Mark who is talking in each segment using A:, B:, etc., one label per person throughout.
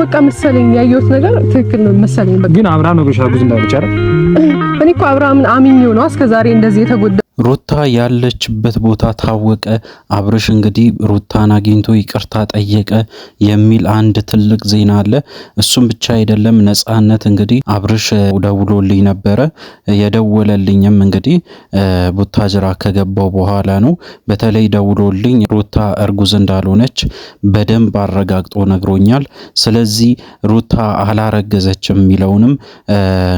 A: በቃ መሰለኝ ያየሁት ነገር ትክክል ነው መሰለኝ።
B: ግን አብርሃም ነገሮች አጉዝ አይደል?
A: እኔ እኮ አብርሃምን አምኜው ነው እስከዛሬ እንደዚህ የተጎዳ
B: ሩታ ያለችበት ቦታ ታወቀ። አብርሽ እንግዲህ ሩታን አግኝቶ ይቅርታ ጠየቀ የሚል አንድ ትልቅ ዜና አለ። እሱም ብቻ አይደለም፣ ነጻነት እንግዲህ አብርሽ ደውሎልኝ ነበረ። የደወለልኝም እንግዲህ ቡታጅራ ከገባው በኋላ ነው። በተለይ ደውሎልኝ ሩታ እርጉዝ እንዳልሆነች በደንብ አረጋግጦ ነግሮኛል። ስለዚህ ሩታ አላረገዘችም የሚለውንም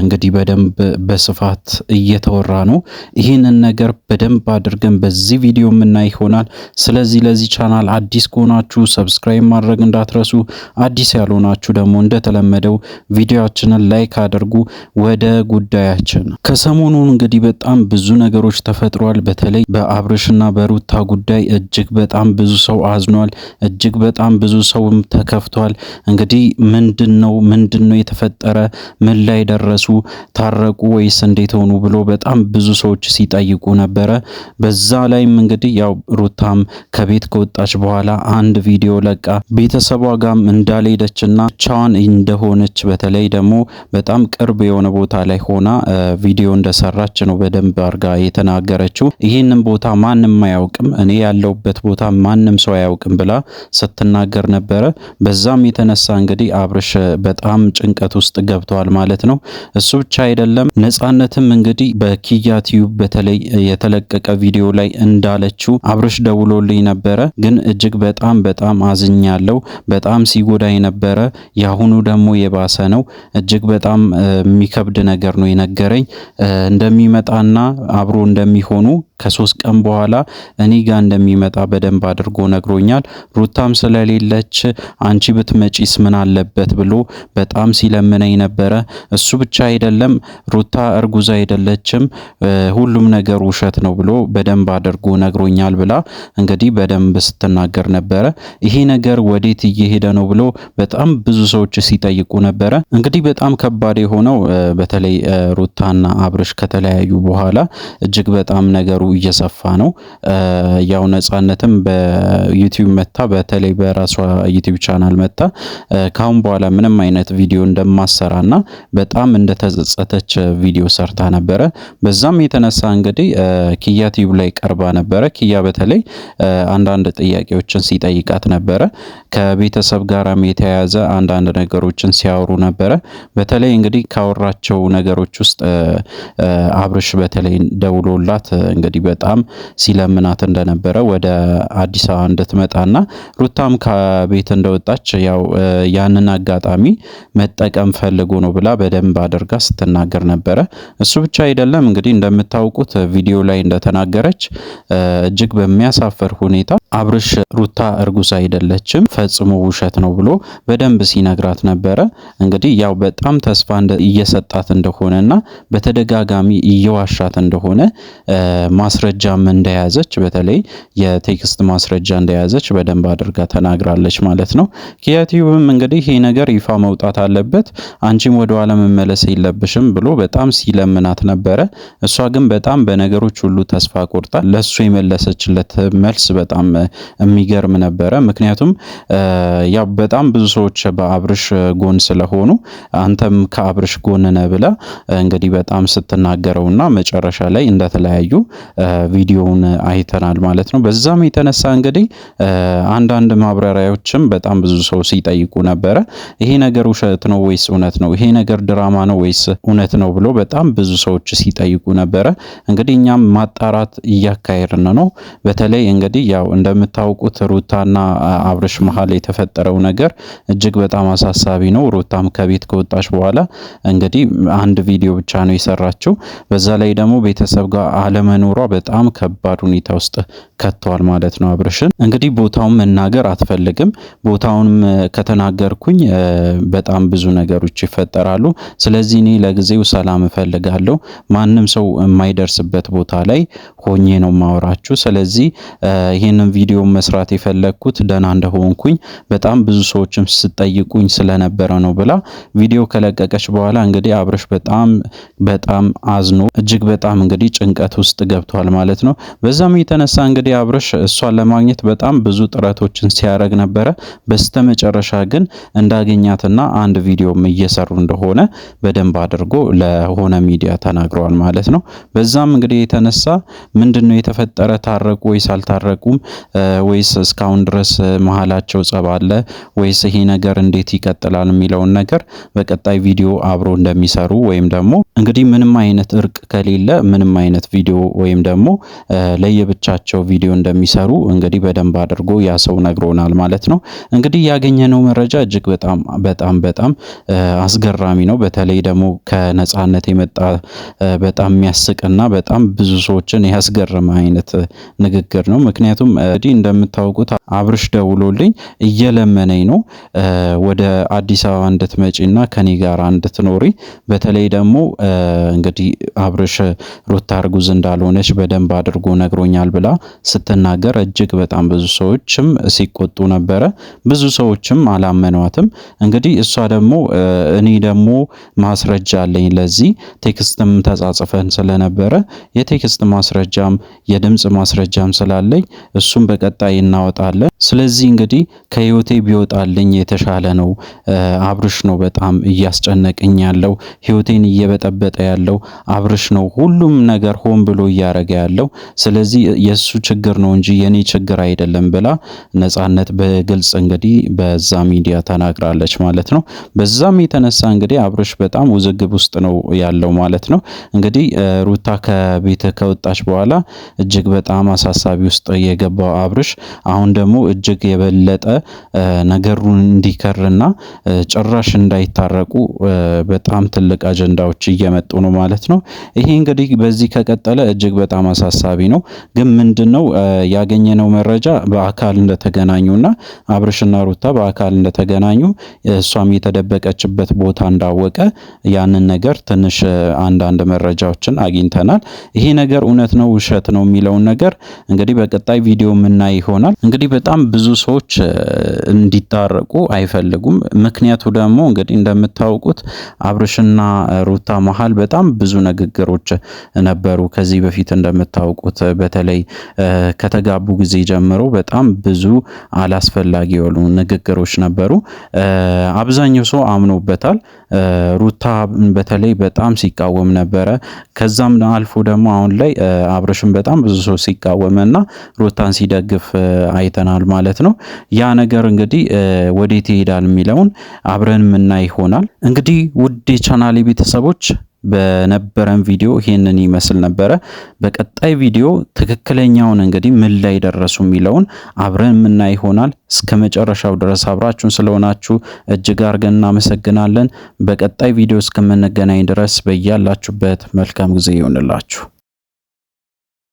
B: እንግዲህ በደንብ በስፋት እየተወራ ነው ይህንን ነገር በደንብ አድርገን በዚህ ቪዲዮ የምናይ ይሆናል። ስለዚህ ለዚህ ቻናል አዲስ ከሆናችሁ ሰብስክራይብ ማድረግ እንዳትረሱ፣ አዲስ ያልሆናችሁ ደግሞ እንደተለመደው ቪዲዮችንን ላይክ አድርጉ። ወደ ጉዳያችን ከሰሞኑን እንግዲህ በጣም ብዙ ነገሮች ተፈጥሯል። በተለይ በአብርሽና በሩታ ጉዳይ እጅግ በጣም ብዙ ሰው አዝኗል። እጅግ በጣም ብዙ ሰውም ተከፍቷል። እንግዲህ ምንድን ነው ምንድን ነው የተፈጠረ? ምን ላይ ደረሱ? ታረቁ ወይስ እንዴት ሆኑ? ብሎ በጣም ብዙ ሰዎች ሲጠይቁ ነበረ። በዛ ላይም እንግዲህ ያው ሩታም ከቤት ከወጣች በኋላ አንድ ቪዲዮ ለቃ ቤተሰቧ ጋም እንዳልሄደችና ብቻዋን እንደሆነች በተለይ ደግሞ በጣም ቅርብ የሆነ ቦታ ላይ ሆና ቪዲዮ እንደሰራች ነው በደንብ አርጋ የተናገረችው። ይህንን ቦታ ማንም አያውቅም፣ እኔ ያለውበት ቦታ ማንም ሰው አያውቅም ብላ ስትናገር ነበረ። በዛም የተነሳ እንግዲህ አብርሽ በጣም ጭንቀት ውስጥ ገብተዋል ማለት ነው። እሱ ብቻ አይደለም ነጻነትም እንግዲህ በኪያ ቲዩብ በተለይ የተለቀቀ ቪዲዮ ላይ እንዳለችው አብርሽ ደውሎልኝ ነበረ፣ ግን እጅግ በጣም በጣም አዝኛለሁ። በጣም ሲጎዳ ነበረ። የአሁኑ ደግሞ የባሰ ነው። እጅግ በጣም የሚከብድ ነገር ነው የነገረኝ እንደሚመጣና አብሮ እንደሚሆኑ ከሶስት ቀን በኋላ እኔ ጋር እንደሚመጣ በደንብ አድርጎ ነግሮኛል። ሩታም ስለሌለች አንቺ ብትመጪስ ምን አለበት ብሎ በጣም ሲለምነኝ ነበረ። እሱ ብቻ አይደለም ሩታ እርጉዝ አይደለችም፣ ሁሉም ነገሩ ውሸት ነው ብሎ በደንብ አድርጎ ነግሮኛል ብላ እንግዲህ በደንብ ስትናገር ነበረ። ይሄ ነገር ወዴት እየሄደ ነው ብሎ በጣም ብዙ ሰዎች ሲጠይቁ ነበረ። እንግዲህ በጣም ከባድ የሆነው በተለይ ሩታና አብርሽ ከተለያዩ በኋላ እጅግ በጣም ነገሩ እየሰፋ ነው። ያው ነጻነትም በዩቲዩብ መታ በተለይ በራሷ ዩቲዩብ ቻናል መታ ካሁን በኋላ ምንም አይነት ቪዲዮ እንደማሰራና በጣም እንደተጸጸተች ቪዲዮ ሰርታ ነበረ። በዛም የተነሳ እንግዲህ ኪያ ቲዩብ ላይ ቀርባ ነበረ። ኪያ በተለይ አንዳንድ ጥያቄዎችን ሲጠይቃት ነበረ። ከቤተሰብ ጋራም የተያያዘ አንዳንድ ነገሮችን ሲያወሩ ነበረ። በተለይ እንግዲህ ካወራቸው ነገሮች ውስጥ አብርሽ በተለይ ደውሎላት እንግዲህ በጣም ሲለምናት እንደነበረ ወደ አዲስ አበባ እንድትመጣና ሩታም ከቤት እንደወጣች ያው ያንን አጋጣሚ መጠቀም ፈልጎ ነው ብላ በደንብ አድርጋ ስትናገር ነበረ። እሱ ብቻ አይደለም እንግዲህ እንደምታውቁት ቪዲዮ ቪዲዮ ላይ እንደተናገረች እጅግ በሚያሳፍር ሁኔታ አብርሽ ሩታ እርጉዝ አይደለችም ፈጽሞ ውሸት ነው ብሎ በደንብ ሲነግራት ነበረ። እንግዲህ ያው በጣም ተስፋ እየሰጣት እንደሆነና በተደጋጋሚ እየዋሻት እንደሆነ ማስረጃም እንደያዘች በተለይ የቴክስት ማስረጃ እንደያዘች በደንብ አድርጋ ተናግራለች ማለት ነው። ኪያቲዩብም እንግዲህ ይሄ ነገር ይፋ መውጣት አለበት፣ አንቺም ወደ ኋላ መመለስ የለብሽም ብሎ በጣም ሲለምናት ነበረ። እሷ ግን በጣም በነገሮች ሁሉ ተስፋ ቆርጣ ለሱ የመለሰችለት መልስ በጣም የሚገርም ነበረ። ምክንያቱም ያው በጣም ብዙ ሰዎች በአብርሽ ጎን ስለሆኑ አንተም ከአብርሽ ጎን ነህ ብለ እንግዲህ በጣም ስትናገረውና መጨረሻ ላይ እንደተለያዩ ቪዲዮውን አይተናል ማለት ነው። በዛም የተነሳ እንግዲህ አንዳንድ ማብራሪያዎችም በጣም ብዙ ሰው ሲጠይቁ ነበረ። ይሄ ነገር ውሸት ነው ወይስ እውነት ነው? ይሄ ነገር ድራማ ነው ወይስ እውነት ነው ብሎ በጣም ብዙ ሰዎች ሲጠይቁ ነበረ። እንግዲህ እኛም ማጣራት እያካሄድን ነው። በተለይ እንግዲህ ያው እንደ እንደምታውቁት ሩታና አብርሽ መሀል የተፈጠረው ነገር እጅግ በጣም አሳሳቢ ነው። ሩታም ከቤት ከወጣች በኋላ እንግዲህ አንድ ቪዲዮ ብቻ ነው የሰራችው። በዛ ላይ ደግሞ ቤተሰብ ጋር አለመኖሯ በጣም ከባድ ሁኔታ ውስጥ ከተዋል ማለት ነው አብርሽን። እንግዲህ ቦታውን መናገር አትፈልግም። ቦታውንም ከተናገርኩኝ በጣም ብዙ ነገሮች ይፈጠራሉ። ስለዚህ እኔ ለጊዜው ሰላም እፈልጋለሁ። ማንም ሰው የማይደርስበት ቦታ ላይ ሆኜ ነው ማወራችሁ። ስለዚህ ይህንን ቪዲዮ መስራት የፈለግኩት ደህና እንደሆንኩኝ በጣም ብዙ ሰዎችም ስጠይቁኝ ስለነበረ ነው ብላ ቪዲዮ ከለቀቀች በኋላ እንግዲህ አብርሽ በጣም በጣም አዝኖ እጅግ በጣም እንግዲህ ጭንቀት ውስጥ ገብቷል ማለት ነው። በዛም የተነሳ እንግዲህ አብርሽ እሷን ለማግኘት በጣም ብዙ ጥረቶችን ሲያደርግ ነበረ። በስተመጨረሻ ግን እንዳገኛትና አንድ ቪዲዮም እየሰሩ እንደሆነ በደንብ አድርጎ ለሆነ ሚዲያ ተናግረዋል ማለት ነው። በዛም እንግዲህ የተነሳ ምንድን ነው የተፈጠረ ታረቁ ወይስ አልታረቁም ወይስ እስካሁን ድረስ መሀላቸው ጸብ አለ ወይስ ይሄ ነገር እንዴት ይቀጥላል የሚለውን ነገር በቀጣይ ቪዲዮ አብሮ እንደሚሰሩ ወይም ደግሞ እንግዲህ ምንም አይነት እርቅ ከሌለ ምንም አይነት ቪዲዮ ወይም ደግሞ ለየብቻቸው ቪዲዮ እንደሚሰሩ እንግዲህ በደንብ አድርጎ ያ ሰው ነግሮናል ማለት ነው። እንግዲህ ያገኘነው መረጃ እጅግ በጣም በጣም በጣም አስገራሚ ነው። በተለይ ደግሞ ከነጻነት የመጣ በጣም የሚያስቅና በጣም ብዙ ሰዎችን ያስገረመ አይነት ንግግር ነው። ምክንያቱም እንግዲህ እንደምታውቁት አብርሽ ደውሎልኝ እየለመነኝ ነው ወደ አዲስ አበባ እንድትመጪና ከኔ ጋር እንድትኖሪ። በተለይ ደግሞ እንግዲህ አብርሽ ሩታ እርጉዝ እንዳልሆነች በደንብ አድርጎ ነግሮኛል ብላ ስትናገር እጅግ በጣም ብዙ ሰዎችም ሲቆጡ ነበረ። ብዙ ሰዎችም አላመኗትም። እንግዲህ እሷ ደግሞ እኔ ደግሞ ማስረጃ አለኝ ለዚህ ቴክስትም ተጻጽፈን ስለነበረ የቴክስት ማስረጃም የድምፅ ማስረጃም ስላለኝ እሱ እሱን በቀጣይ እናወጣለን ስለዚህ እንግዲህ ከህይወቴ ቢወጣልኝ የተሻለ ነው። አብርሽ ነው በጣም እያስጨነቀኝ ያለው፣ ህይወቴን እየበጠበጠ ያለው አብርሽ ነው። ሁሉም ነገር ሆን ብሎ እያረገ ያለው ስለዚህ የሱ ችግር ነው እንጂ የኔ ችግር አይደለም ብላ ነጻነት በግልጽ እንግዲህ በዛ ሚዲያ ተናግራለች ማለት ነው። በዛም የተነሳ እንግዲህ አብርሽ በጣም ውዝግብ ውስጥ ነው ያለው ማለት ነው። እንግዲህ ሩታ ከቤት ከወጣች በኋላ እጅግ በጣም አሳሳቢ ውስጥ የገባው አብርሽ አሁን ደግሞ እጅግ የበለጠ ነገሩን እንዲከርና ጭራሽ እንዳይታረቁ በጣም ትልቅ አጀንዳዎች እየመጡ ነው ማለት ነው። ይሄ እንግዲህ በዚህ ከቀጠለ እጅግ በጣም አሳሳቢ ነው። ግን ምንድን ነው ያገኘነው መረጃ በአካል እንደተገናኙና አብርሽና ሩታ በአካል እንደተገናኙ እሷም የተደበቀችበት ቦታ እንዳወቀ ያንን ነገር ትንሽ አንዳንድ መረጃዎችን አግኝተናል። ይሄ ነገር እውነት ነው ውሸት ነው የሚለውን ነገር እንግዲህ በቀጣይ ቪዲዮ ምናይ ይሆናል። እንግዲህ በጣም ብዙ ሰዎች እንዲታረቁ አይፈልጉም። ምክንያቱ ደግሞ እንግዲህ እንደምታውቁት አብርሽና ሩታ መሀል በጣም ብዙ ንግግሮች ነበሩ። ከዚህ በፊት እንደምታውቁት በተለይ ከተጋቡ ጊዜ ጀምሮ በጣም ብዙ አላስፈላጊ የሆኑ ንግግሮች ነበሩ። አብዛኛው ሰው አምኖበታል። ሩታ በተለይ በጣም ሲቃወም ነበረ። ከዛም አልፎ ደግሞ አሁን ላይ አብርሽን በጣም ብዙ ሰው ሲቃወምና ሩታን ሲደግፍ አይተናል። ማለት ነው። ያ ነገር እንግዲህ ወዴት ይሄዳል የሚለውን አብረን የምናይ ይሆናል። እንግዲህ ውድ የቻናሌ ቤተሰቦች በነበረን ቪዲዮ ይሄንን ይመስል ነበረ። በቀጣይ ቪዲዮ ትክክለኛውን እንግዲህ ምን ላይ ደረሱ የሚለውን አብረን የምናይ ይሆናል። እስከ መጨረሻው ድረስ አብራችሁን ስለሆናችሁ እጅግ አድርገን እናመሰግናለን። በቀጣይ ቪዲዮ እስከምንገናኝ ድረስ በያላችሁበት መልካም ጊዜ ይሆንላችሁ።